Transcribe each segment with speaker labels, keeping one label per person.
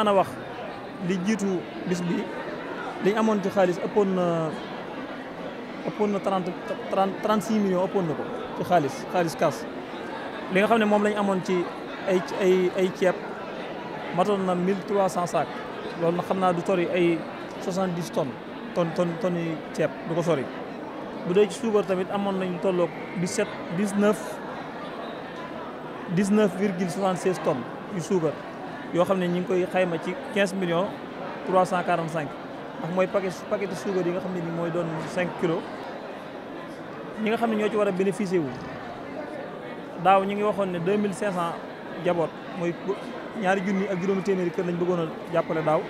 Speaker 1: mën a wax li jiitu bisbi bi liñ amoon ci xaalis ëppoon na ëppoon na trente trente six millions ëppoon na ko ci xaalis xaalis kaas li nga xam ne moom lañ amoon ci ay ay ay ceeb matoon na mille trois cent sac loolu na xam naa du sori ay soixante dix tonnes tonnes tonnes tonnes ceeb du ko sori bu dee ci suukar tamit amoon nañu tolloog dix sept dix neuf dix neuf virgule soixante seize tonnes yu suukar yoo xam ne ñi ngi koy xayma ci 15 millions 345 ndax mooy paquet paquet suukar yi nga xam ne ni mooy doon 5 kilos ñi nga xam ne ñoo ci war a bénéficier wu daaw ñu ngi waxoon ne 2500 jaboot mooy ñaari junni ak juróomi téeméeri kër lañ bëggoon jàppale daaw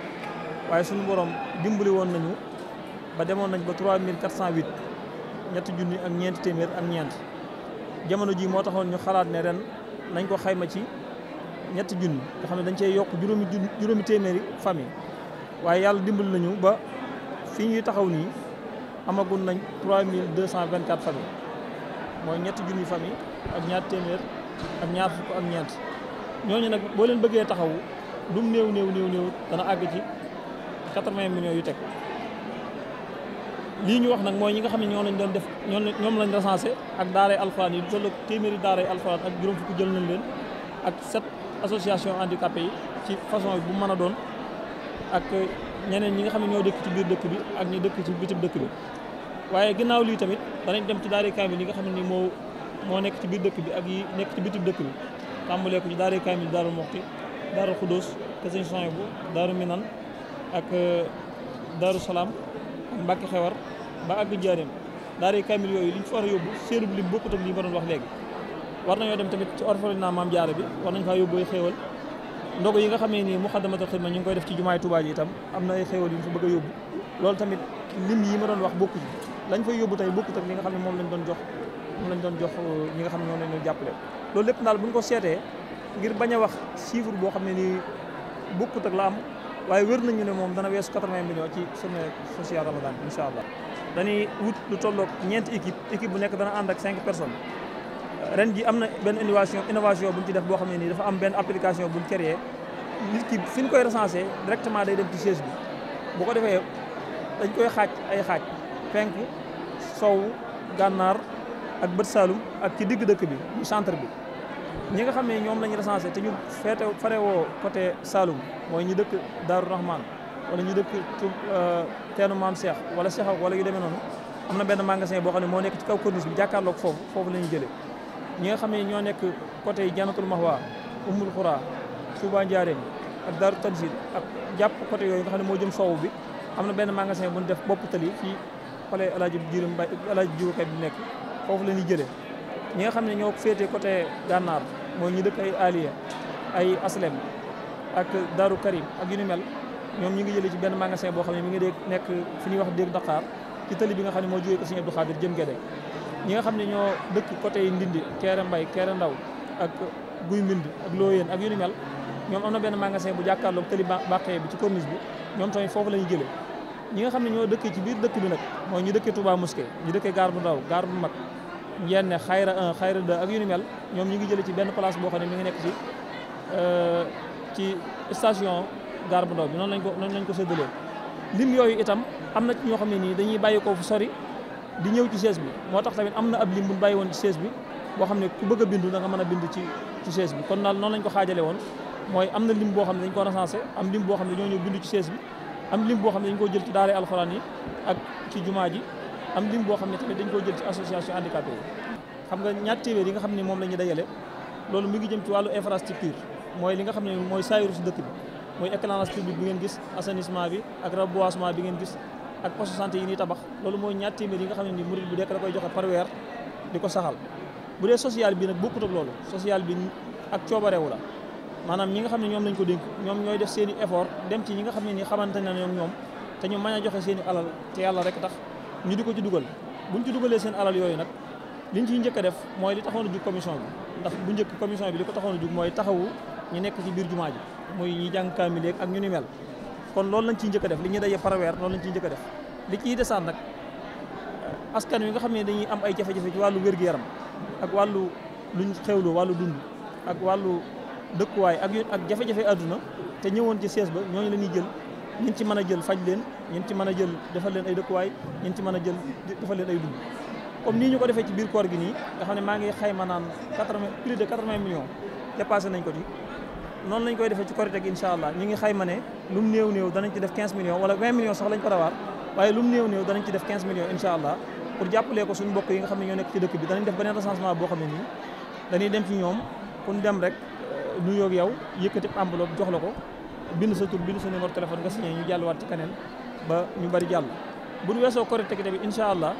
Speaker 1: waaye suñu borom dimbali woon nañu ba demoon nañ ba ñett ñetti junni ak ñeenti téeméer ak ñeent jamono ji moo taxoon ñu xalaat ne ren nañ ko xayma ci ñetti junni nga xam ne dañ cee yokk juróomi junni juróomi téeméeri famille waaye yàlla dimbal nañu ba fii ñuy taxaw nii amaguñ nañ 3224 famille mooy ñetti junni famille ak ñaar téeméer ak ñaar fukk ak ñeent ñooñu nag boo leen bëggee taxawu lu néew néew néew néew dana àgg ci 80 millions yu teg lii ñu wax nag mooy ñi nga xam ne ñoo lañ doon def ñoom lañ recensé ak daaray alxuraan yi lu toll téeméeri daaray alxuraan ak juróom fukk jël nañ leen ak set association handicapé yi ci façon bu mën a doon ak ñeneen ñi nga xam ne ñoo dëkk ci biir dëkk bi ak ñu dëkk ci bitim dëkk bi waaye ginnaaw lii tamit danañ dem ci daari kaamil yi nga xam ni moo moo nekk ci biir dëkk bi ak yi nekk ci bitim dëkk bi tàmbalee ko ci daari kaamil daaru moxti daaru xudóos ke sëñ soñ bu daaru minan ak euh, daaru salaam ak mbàkki xewar ba àgg jaareem daari kaamil yooyu liñ fa war a yóbbu séerub li bokkut ak li ma doon wax léegi war nañoo dem tamit ci orphelinat Maam Jaara bi war nañ faa yóbbu ay xéewal yi nga xamee ni muxaddamatul xidma ñu ngi koy def ci jumaay Tuubaa ji itam am na ay xéewal yu ñu fa loolu tamit lim yi ma doon wax bokku ci lañ yóbbu tey bokku tak li nga xam ne moom lañ doon jox moom lañ doon jox euh, ñi nga xam ne ñoom lañ doon jàppale loolu lépp daal bu ñu ko seetee ngir bañ a wax chiffre boo xam ne nii bokkut ak la am waaye wér nañu ne moom dana weesu 80 millions ci semaine sociale ramadan incha allah dañuy wut lu tolloog ñeenti équipe équipe bu nekk dana ànd ak cinq personnes ren ji am na benn innovation innovation bu ñu ci def boo xam ne nii dafa am benn application bu ñu créé nit ki fi ñu koy recensé directement day dem ci siège bi bu ko defee dañ koy xaaj ay xaaj penk sow gànnaar ak bët saalum ak ci digg dëkk bi mu centre bi ñi nga xam ne ñoom lañu recensé te ñu feete farewoo côté saalum mooy ñu dëkk Daaru Rahman wala ñu dëkk ci euh, teenu maam Cheikh wala Cheikh wala yu demee noonu am na benn magasin boo xam ne moo nekk ci kaw corniche bi jàkkaarloog foofu foofu la ñu jëlee ñi nga xam ne ñoo nekk côté y Jannatul Mahwa Umul Xura Touba Ndiarène ak Daaru Tanzil ak jàpp côté yooyu nga xam ne moo jëm soow bi am na benn magasin bu ñu def bopp tali fii xale alaaji jiir mbay alaaji jiwukaay bi nekk foofu la ñuy jëlee ñi nga xam ne ñoo féete côté gànnaar mooy ñu dëkk ay aliya ay aslem ak Daaru Karim ak yu ni mel ñoom ñu ngi jëlee ci benn magasin boo xam ne mi ngi dee nekk fi ñuy wax dégg Dakar ci tali bi nga xam ne moo jógee ko Sëñ Abdou jëm Gédé ñi nga xam ne ñoo dëkk côté yi Ndindi Kéré Mbay Kéré Ndaw ak Guy Mbind ak Looyeen ak yu ni mel ñoom am na benn magasin bu jàkkaarloo jàkkaarloog tëli bàqee bi ci corniche bi ñoom tamit foofu la ñu jëlee ñi nga xam ne ñoo dëkkee ci biir dëkk bi nag mooy ñu dëkkee Touba Mosquée ñu dëkkee gaar bu ndaw gaar bu mag yenn xayra 1 xayra ak yu ñoom ñu ngi jëlee ci benn place boo xam ne mi ngi nekk ci euh, ci station gaar bu ndaw bi noonu lañ ko noonu lañ ko séddalee lim yooyu itam am na ci ñoo xam ne nii dañuy bàyyi ko fu sori di ñëw ci chaise bi moo tax tamit am na ab lim bu bàyyi woon ci chaise bi boo xam ne ku bëgg a bindu da mën a bindu ci ci chaise bi kon naa noonu lañ ko xaajale woon mooy am na lim boo xam ne dañ ko recensé am lim boo xam ne ñoo ñëw bindu ci chaise bi am lim boo xam ne dañ koo jël ci daara alxuraan yi ak ci jumaa ji am lim boo xam ne tamit dañ koo jël ci association handicapé yi xam nga ñaar téeméer yi nga xam ne moom la ñu dajale loolu mu ngi jëm ci wàllu infrastructure mooy li nga xam ne mooy saayiru si ngeen gis assainissement bi ak reboisement bi ngeen gis ak poste santé yi ñuy tabax loolu mooy ñaar téeméer yi nga xam ne ni murid bu dekk da koy joxe par di ko saxal bu dee social bi nag bokkut ak loolu social bi ak coobarewu la maanaam ñi nga xam ne ñoom lañ ko dénk ñoom ñooy def seen i effort dem ci ñi nga xam ne ni xamante na ñoom ñoom te ñu mën a joxe seen i alal te yàlla rek tax ñu di ko ci bu ñu ci dugalee seen alal yooyu nag liñ ñu njëkk a def mooy li taxoon a jug commission bi ndax bu njëkk commission bi li taxoon mooy taxawu ñu nekk ci biir jumaa ji muy ñi jàng kaamileeg ak ñu ni kon loolu lañ ciy njëkk a def li ñu daje par weer loolu lañ ciy def li ciy desaan nag askan wi nga xam ne dañuy am ay jafe-jafe ci wàllu wér-gu-yaram ak wàllu ñu xewloo wàllu dund ak wàllu dëkkuwaay ak ak jafe-jafe àdduna te ñëwoon ci sees ba ñooñu la ñuy jël ñun ci mën a jël faj leen ñun ci mën a jël defal leen ay dëkkuwaay ñun ci mën a jël defal leen ay dund comme nii ñu ko defee ci biir koor gi nii nga xam ne maa ngi xayma naan quatre-vingts plus de quatre-vingts millions dépassé nañ ko ci noonu lañ koy defee ci korite gi incha allah ñu ngi ne lu mu néew néew danañ ci wala 20 millions sax lañ ko rawaat waaye lu mu néew néew danañ ci def 15 millions incha allah pour jàppalee ko suñu mbokk yi nga xam ne ñoo nekk ci rek euh, nuyoo ak yow yëkkati enveloppe jox la ko bind sa tur bind sa numéro téléphone nga signé ñu jàlluwaat ci keneen ba bari jàll bu ñu weesoo korite gi tamit allah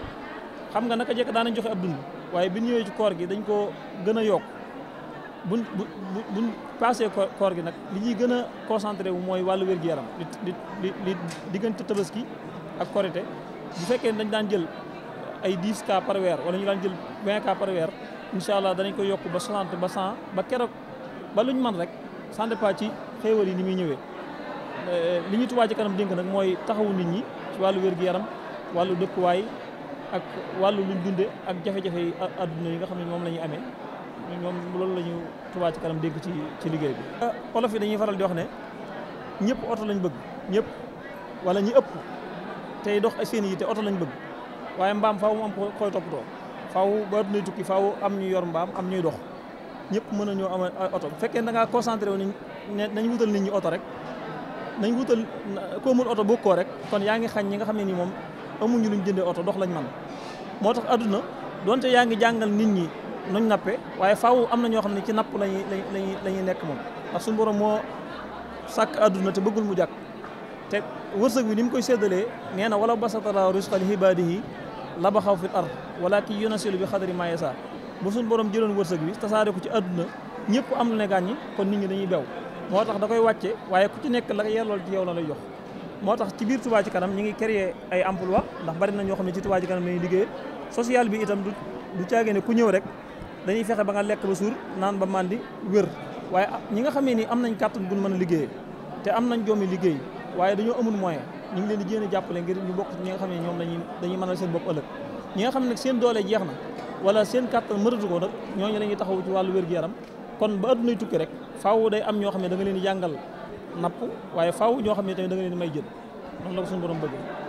Speaker 1: xam nga naka jekk daanañ joxe ab dund waaye bi ñëwee ci koor gi dañ koo gën a yokk buñ bu buñ passé koor gi nag li ñuy gën a concentré wu mooy wàllu wér-gu-yaram li li li diggante tabaski ak korite bu fekkee dañ daan jël ay 10 cas par weer wala ñu daan jël 20 cas par weer incha allah danañ ko yokk ba 60 ba 100 ba keroog ba luñ man rek sans dépend ci xéewal yi ni muy ñëwee euh, li ñu Touba Ca Kanam dénk nag mooy taxawu nit ñi ci wàllu wér-gu-yaram wàllu dëkkuwaay ak wàllu luñ dunde ak jafe-jafe yi àdduna yi nga xam ne moom la ñuy amee ñoom loolu la ñu Touba ci kanam dégg ci ci liggéey bi. olof yi dañuy faral di wax ne ñëpp oto lañ bëgg ñëpp wala ñi ëpp tey dox ak seen yi te oto lañ bëgg waaye mbaam faw mu am koy toppatoo faaw ba addunay tukki faw am ñu yor mbaam am ñuy dox ñëpp mën a ñoo am oto bu fekkee da ngaa concentré wu ne nañ wutal nit ñi oto rek nañ wutal koo mën oto bokkoo rek kon yaa ngi xañ ñi nga xam ne ni moom amuñu luñ jëndee oto dox lañ man moo tax adduna donte yaa ngi jàngal nit ñi. nuñ nappe waaye faaw am na ñoo xam ne ci napp lañuy lañuy lañuy nekk moom ndax suñu borom moo sàkk adduna te bëggul mu jàkk te wërsëg bi ni mu koy séddalee nee na wala basatala risqa li ibaadihi la baxaw fi ard wala ki yunasilu bi xadari ma yasa bu suñu borom jëloon wërsëg bi tasaare ko ci àdduna ñëpp am lu ne gàññi kon nit ñu dañuy bew moo tax da koy wàcce waaye ku ci nekk la yellool ci yow la lay jox moo tax ci biir Touba ci kanam ñi ngi créer ay emploi ndax bari na ñoo xam ne ci Touba ci kanam lañuy liggéey social bi itam du du caagee ne ku ñëw rek dañuy fexe ba nga lekk ba suur naan ba màndi wér waaye ñi nga xamee ni am nañ kàttan gun mën a liggéey te am nañ joomi liggéey waaye dañoo amul moyen ñu ngi leen di jéem jàppale ngir ñu bokk ñi nga xam ne ñoom dañuy dañuy mënal seen bopp ëllëg ñi nga xam ne nag seen doole jeex na wala seen kàttan mënatu ko nag ñooñu la ñuy taxaw ci wàllu wér-gu-yaram kon ba addunay tukki rek faaw day am ñoo xam ne danga leen di jàngal napp waaye faw ñoo xam ne tamit da leen may jël noonu la ko suñu borom bëgg